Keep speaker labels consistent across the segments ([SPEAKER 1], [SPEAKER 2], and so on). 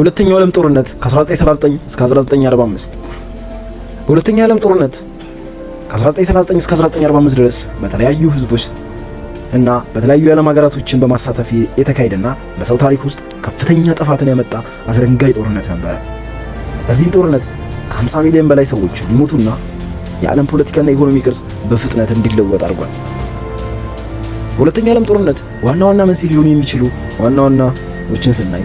[SPEAKER 1] የሁለተኛው ዓለም ጦርነት ከ1939 እስከ 1945 በሁለተኛው ዓለም ጦርነት ከ1939 እስከ 1945 ድረስ በተለያዩ ህዝቦች እና በተለያዩ የዓለም ሀገራቶችን በማሳተፍ የተካሄደና በሰው ታሪክ ውስጥ ከፍተኛ ጥፋትን ያመጣ አስደንጋጭ ጦርነት ነበረ። በዚህም ጦርነት ከ50 ሚሊዮን በላይ ሰዎች ሊሞቱና የዓለም ፖለቲካና ኢኮኖሚ ቅርጽ በፍጥነት እንዲለወጥ አድርጓል። በሁለተኛው ዓለም ጦርነት ዋና ዋና መንስኤ ሊሆኑ የሚችሉ ዋና ዋናዎችን ስናይ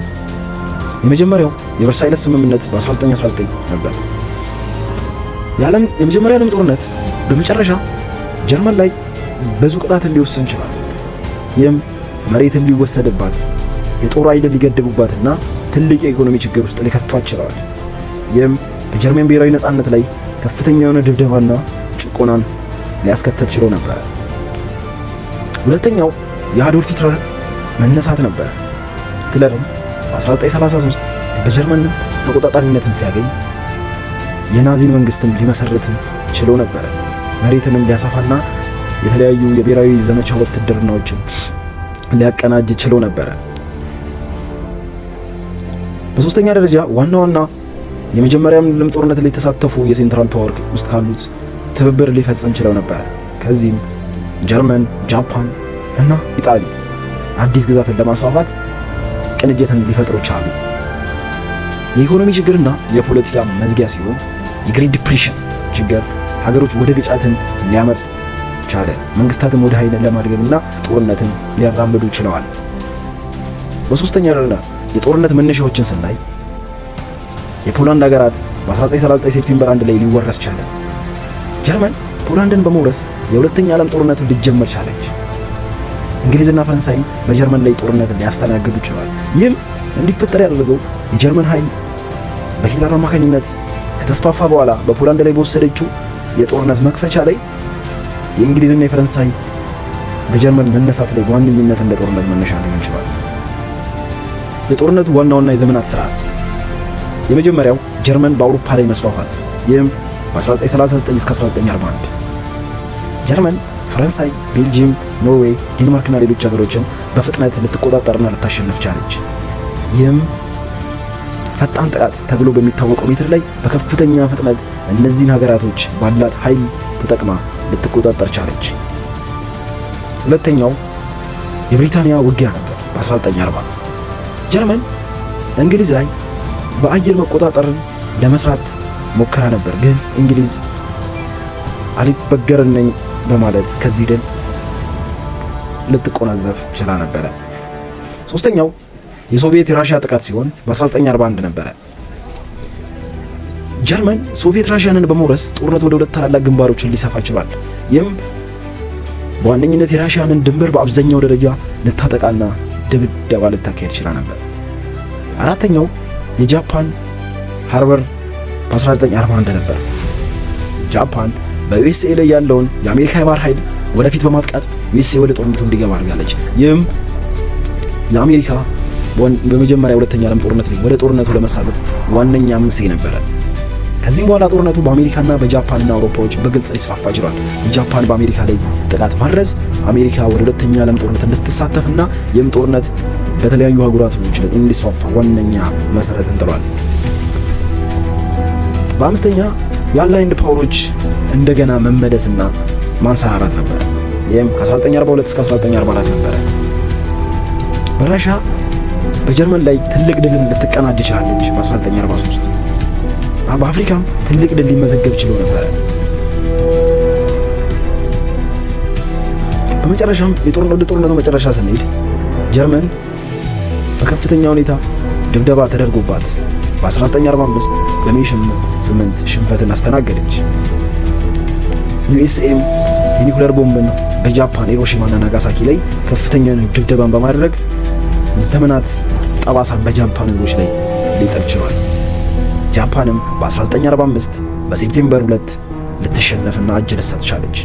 [SPEAKER 1] የመጀመሪያው የቨርሳይለስ ስምምነት በ1919 ነበር። የዓለም የመጀመሪያ ዓለም ጦርነት በመጨረሻ ጀርመን ላይ ብዙ ቅጣት ሊወስን ችሏል። ይህም መሬትን ሊወሰድባት፣ የጦር ኃይል ሊገድቡባትና ትልቅ የኢኮኖሚ ችግር ውስጥ ሊከቷት ችለዋል። ይህም በጀርመን ብሔራዊ ነፃነት ላይ ከፍተኛ የሆነ ድብደባና ጭቆናን ሊያስከተል ችሎ ነበረ። ሁለተኛው የአዶልፍ ሂትለር መነሳት ነበር። ሂትለርም በ1933 በጀርመን ተቆጣጣሪነትን ሲያገኝ የናዚን መንግስትም ሊመሰርት ችሎ ነበረ። መሬትንም ሊያሰፋና የተለያዩ የብሔራዊ ዘመቻ ውትድርናዎችን ሊያቀናጅ ችሎ ነበረ። በሶስተኛ ደረጃ ዋና ዋና የመጀመሪያም ዓለም ጦርነት ላይ የተሳተፉ የሴንትራል ፓወርክ ውስጥ ካሉት ትብብር ሊፈጽም ችለው ነበረ። ከዚህም ጀርመን፣ ጃፓን እና ኢጣሊ አዲስ ግዛትን ለማስፋፋት ቅንጅትን ሊፈጥሩ ቻሉ። የኢኮኖሚ ችግርና የፖለቲካ መዝጊያ ሲሆን የግሬት ዲፕሬሽን ችግር ሀገሮች ወደ ግጭትን ሊያመርት ቻለ። መንግስታትም ወደ ኃይልን ለማድገምና ጦርነትን ሊያራምዱ ችለዋል። በሶስተኛ ደረጃ የጦርነት መነሻዎችን ስናይ የፖላንድ ሀገራት በ1939 ሴፕቴምበር 1 ላይ ሊወረስ ቻለ። ጀርመን ፖላንድን በመውረስ የሁለተኛ ዓለም ጦርነት ሊጀምር ቻለች። እንግሊዝና ፈረንሳይ በጀርመን ላይ ጦርነት ሊያስተናግዱ ይችላል። ይህም እንዲፈጠር ያደረገው የጀርመን ኃይል በሂትለር አማካኝነት ከተስፋፋ በኋላ በፖላንድ ላይ በወሰደችው የጦርነት መክፈቻ ላይ የእንግሊዝና የፈረንሳይ በጀርመን መነሳት ላይ በዋነኝነት እንደ ጦርነት መነሻ ሊሆን ይችላል። የጦርነቱ ዋና ዋና የዘመናት ስርዓት የመጀመሪያው ጀርመን በአውሮፓ ላይ መስፋፋት፣ ይህም በ1939 እስከ 1941 ጀርመን፣ ፈረንሳይ፣ ቤልጂየም፣ ኖርዌይ፣ ዴንማርክና ሌሎች ሀገሮችን በፍጥነት ልትቆጣጠርና ልታሸንፍ ቻለች። ይህም ፈጣን ጥቃት ተብሎ በሚታወቀው ሜትር ላይ በከፍተኛ ፍጥነት እነዚህን ሀገራቶች ባላት ኃይል ተጠቅማ ልትቆጣጠር ቻለች። ሁለተኛው የብሪታንያ ውጊያ ነበር። በ1940 ጀርመን እንግሊዝ ላይ በአየር መቆጣጠርን ለመስራት ሞከራ ነበር፣ ግን እንግሊዝ አልበገርነኝ በማለት ከዚህ ድል ልትቆናዘፍ ችላ ነበረ። ሶስተኛው የሶቪየት የራሽያ ጥቃት ሲሆን በ1941 ነበረ። ጀርመን ሶቪየት ራሽያንን በመውረስ ጦርነት ወደ ሁለት ታላላቅ ግንባሮችን ሊሰፋ ችሏል። ይህም በዋነኝነት የራሽያንን ድንበር በአብዛኛው ደረጃ ልታጠቃና ድብደባ ልታካሄድ ችላ ነበር። አራተኛው የጃፓን ሃርበር በ1941 ነበር። ጃፓን በዩኤስኤ ላይ ያለውን የአሜሪካ የባህር ኃይል ወደፊት በማጥቃት ዩኤስኤ ወደ ጦርነቱ እንዲገባ አድርጋለች። ይህም ለአሜሪካ በመጀመሪያ ሁለተኛ ዓለም ጦርነት ላይ ወደ ጦርነቱ ለመሳተፍ ዋነኛ መንስኤ ነበረ። ከዚህም በኋላ ጦርነቱ በአሜሪካና በጃፓንና አውሮፓዎች በግልጽ ሊስፋፋ ችሏል። ጃፓን በአሜሪካ ላይ ጥቃት ማድረስ አሜሪካ ወደ ሁለተኛ ዓለም ጦርነት እንድትሳተፍና ይህም ጦርነት በተለያዩ ሀገራት ውስጥ እንዲስፋፋ ዋነኛ መሰረት እንጥሏል። በአምስተኛ የአላይንድ ፓወሮች እንደገና መመደስና ማንሰራራት ነበር። ይህም ከ1942 እስከ 1944 ነበረ። በራሻ በጀርመን ላይ ትልቅ ድልን ልትቀናጅ ችላለች በ1943። በአፍሪካም ትልቅ ድል ሊመዘገብ ችሎ ነበረ። በመጨረሻም ወደ ጦርነቱ መጨረሻ ስንሄድ ጀርመን በከፍተኛ ሁኔታ ድብደባ ተደርጎባት በ1945 በሜ 8 ሽንፈትን አስተናገደች። ዩኤስኤም የኒኩለር ቦምብን በጃፓን ሂሮሺማና ናጋሳኪ ላይ ከፍተኛ ድብደባን በማድረግ ዘመናት ጠባሳን በጃፓን ህዝቦች ላይ ሊጥል ችሏል። ጃፓንም በ1945 በሴፕቴምበር 2 ልትሸነፍና እጅ ልትሰጥ ቻለች።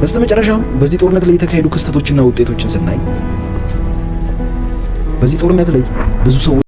[SPEAKER 1] በስተመጨረሻም በዚህ ጦርነት ላይ የተካሄዱ ክስተቶችና ውጤቶችን ስናይ በዚህ ጦርነት ላይ ብዙ ሰዎች